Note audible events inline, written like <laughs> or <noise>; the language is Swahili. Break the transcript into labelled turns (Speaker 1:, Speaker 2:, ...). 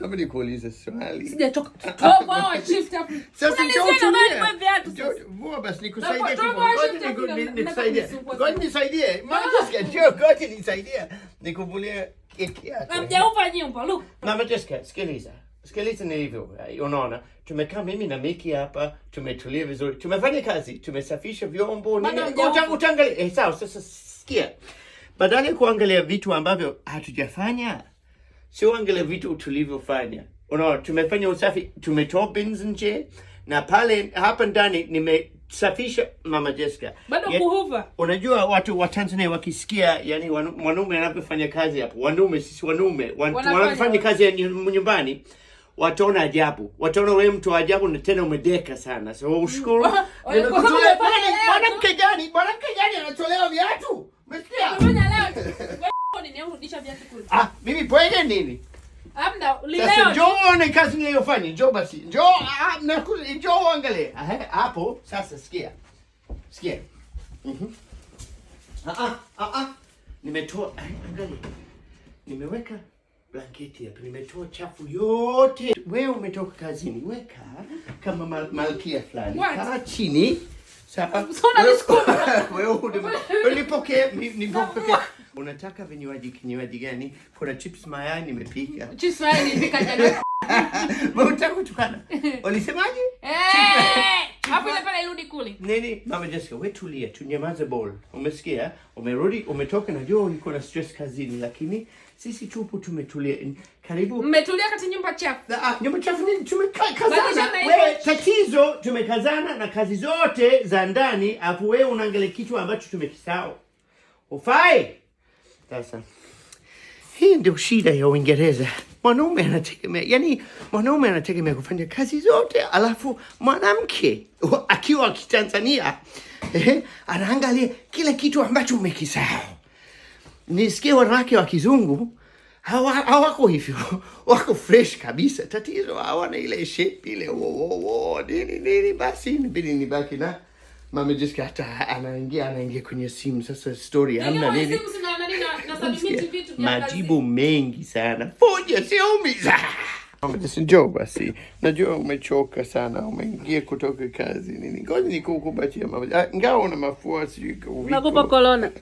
Speaker 1: Naomba nikuulize swali.
Speaker 2: Sijachoka. Toa ah, ah, ah, shift hapo.
Speaker 1: Sasa nikuulize. Vua basi nikusaidie. Ngoja nikusaidie. Ngoja nisaidie. Maana sijachoka. Ngoja nisaidie. Nikuvulie
Speaker 2: keki yako. Hamjaupa nyimbo, look.
Speaker 1: Mama Jessica, sikiliza. Sikiliza nilivyo. Eh, unaona, tumekaa mimi na Miki hapa, tumetulia vizuri. Tumefanya kazi, tumesafisha vyombo. Nini? Utaangalia. Eh, sawa, sasa sikia. Badala ya kuangalia vitu ambavyo hatujafanya, sio angalia vitu tulivyofanya. Unaona, tumefanya usafi, tumetoa bins nje na pale hapa ndani nimesafisha. Mama Jessica
Speaker 2: bado kuhuva.
Speaker 1: Unajua watu wa Tanzania wakisikia, yani mwanaume anapofanya kazi hapo, wanaume sisi wanaume wanapofanya kazi ya nyumbani wataona ajabu, wataona wewe mtu ajabu, na tena umedeka sana. So ushukuru mm. yaani, mwanamke gani? Mwanamke gani anatolewa viatu?
Speaker 2: Umesikia? kurudisha viatu kule.
Speaker 1: Ah, mimi pwege nini?
Speaker 2: Amna, leo. Sasa
Speaker 1: njoo uone kazi niliyofanya. Njoo basi. Njoo, ah, na njoo uangalie. Ah, hapo sasa sikia. Sikia. Mhm. Mm ah ah ah ah. Nimetoa, eh, angalia. Nimeweka blanketi hapo. Nimetoa chafu yote. Wewe umetoka kazini, weka kama mal malkia fulani. Kaa chini. Sasa.
Speaker 2: Sasa nisikuma.
Speaker 1: <laughs> Wewe ulipokea nipokea Unataka vinywaji kinywaji gani? Kuna chips mayai nimepika. Chips
Speaker 2: mayai nimepika
Speaker 1: jana. Mbona <laughs> unataka <laughs> Ulisemaje? Eh!
Speaker 2: Hapo ile pale irudi kule.
Speaker 1: Nini? Mama Jessica, wewe tulia, tunyamaze bowl. Umesikia? Umerudi, umetoka na jua uko na stress kazini lakini sisi tupo tumetulia. Karibu.
Speaker 2: Mmetulia kati nyumba chafu.
Speaker 1: Ah, nyumba chafu nini? Tumekazana. Wewe tatizo tumekazana na kazi zote za ndani, afu wewe unaangalia kitu ambacho tumekisao. Ufai. Sasa hii ndio shida ya Uingereza. Mwanaume anategemea yani, mwanaume anategemea kufanya kazi zote, alafu mwanamke akiwa Kitanzania eh, anaangalia kile kitu ambacho umekisahau. Nisikie wanawake wa kizungu hawako hivyo, <laughs> wako fresh kabisa, tatizo hawana ile shape ile wo wo wo nini nini. Basi inabidi nibaki na mama Jessica, hata anaingia anaingia kwenye simu sasa, story hamna nini majibu mengi sana. Fuja siumiza. Njoo basi, najua umechoka sana, umeingia kutoka kazi nini. Ngoja nikukupatia, ah, ingawa una mafua, sijui
Speaker 2: nakupa korona.